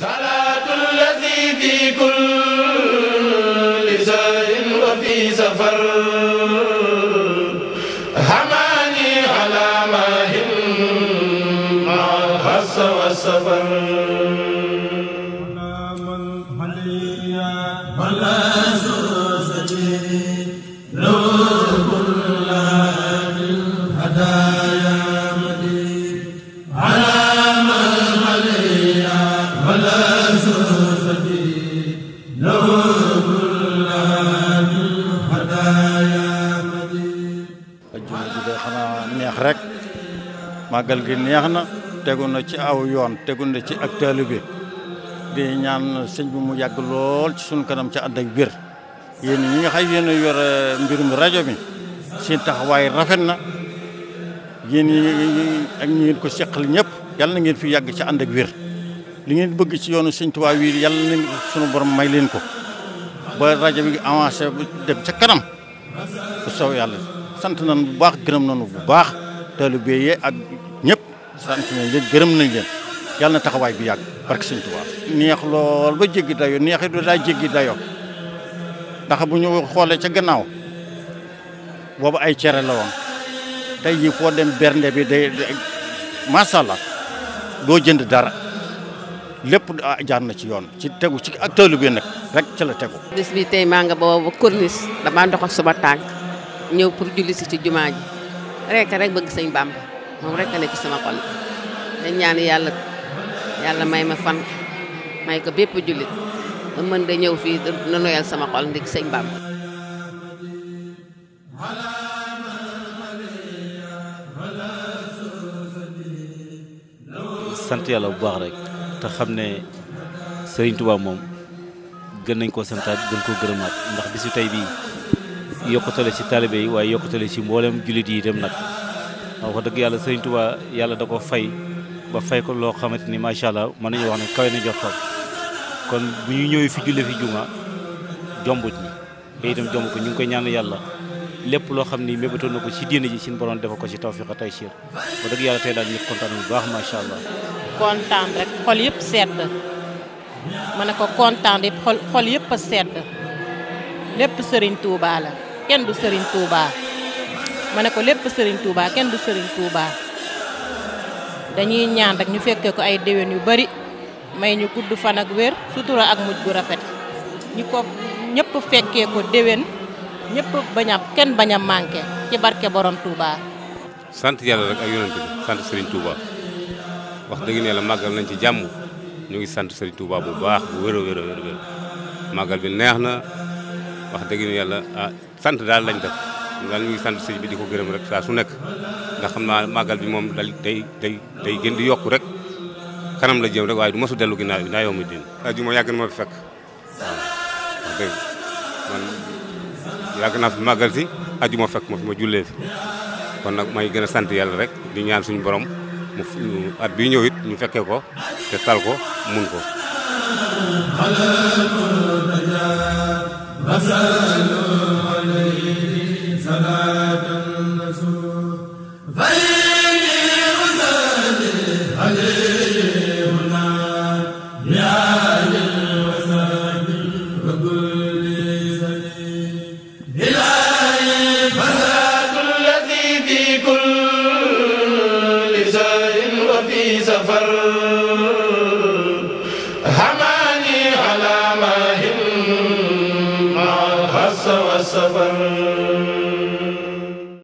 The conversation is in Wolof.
صلاة الذي في كل سهر وفي سفر حماني على ماه مع الحس والسفر نعم xanaa neex rek màggal gi neex na tegu na ci aw yoon tegu na ci ak taalibe bi di ñaan sëñ bi mu yàgg lool ci suñu kanam ci ànd ak biir yéen ñi nga xam yéen a yor mbirum rajo bi tax waaye rafet na yéen ñi ak ñi ngeen ko seqal ñëpp yàlla na ngeen fi yàgg ci ànd ak biir li ngeen bëgg ci yoonu sëñ Tuubaa wi yàlla na sunu borom may leen ko ba rajo bi avancé dem ca kanam bu sow yàlla sant nañ bu baax gërëm nañu bu baax taalibe yi ak ñëpp sant nañ leen gërëm nañ leen yàlla na taxawaay bu yàgg barke Sëñ Tuubaa neex lool ba jéggi dayo neex it daa jéggi dayo ndax bu ñu xoolee ca gannaaw boobu ay cere la woon tey jii foo dem bernde bi day macha doo jënd dara lépp jaar na ci yoon ci tegu ci ak taalibe bi nag rek ca la tegu. bis bi tey maa nga boobu corniche damaa dox ak sama tànk. ñëw pour julli si ci jumaa ji rek rek bëgg sëñ Bàmba moom rek ne ci sama xol dañ ñaan yàlla yàlla may ma fan may ko bépp jullit ba mën da ñëw fii na sama xol ndik sëñ Bàmba sant yàlla bu baax rek te xam ne Sëriñ Tuubaa moom gën nañ koo santaat gën koo gërëmaat ndax bisu tey bii yokkutale ci taalibe yi waaye yokkutale ci mboolem jullit yi itam nag waaw wax dëgg yàlla sëriñ Tuubaa yàlla da ko fay ba fay ko loo xamante ni macha allah mën nañu wax ne kawe na jox kon bu ñu ñëwee fi julle fi juma jombut ñi te itam jomb ko ñu ngi koy ñaan yàlla lépp loo xam ni mébatoon na ko ci diine ji suñu borom defa ko ci tawfiq tay siir wax dëgg yàlla tey daal ñëpp kontaan bu baax macha allah. kontaan rek xol yëpp sedd ma ne ko kontaan yëpp a sedd Ken du serigne Touba mané ko lepp serigne Touba ken du serigne Touba dañuy ñaan rek ñu fekke ko ay déwén yu bari may ñu gudd fan ak wër sutura ak mujj bu rafet ñi ko ñëpp ko déwén ñepp baña ken baña bañ ci barke borom Touba. sante yalla rek ak yoonte bi sante Serigne Touba wax deug ne la magal nañ ci jamm ñu ngi sante Serigne Touba bu baax bu wér a wér bi neexna wax dëgg yàlla ah, sant daal lañ def daal ñuy sant si bi di ko gërëm rek saa su nekk ndax xam naa màggal bi moom dal day day day gën di yokku rek kanam la jëm rek waaye du mosu dellu ginaar bi naa yow din ajuma ma fi fekk waaw wax dëgg man yàgg fi màggal si ajuma fekk ma fi ma jullee fi kon nag may gën a sant yàlla rek di ñaan suñu borom mu at bii ñëw ñu fekkee ko te tal ko mun ko masalu alayhi salaam والعسى والسفر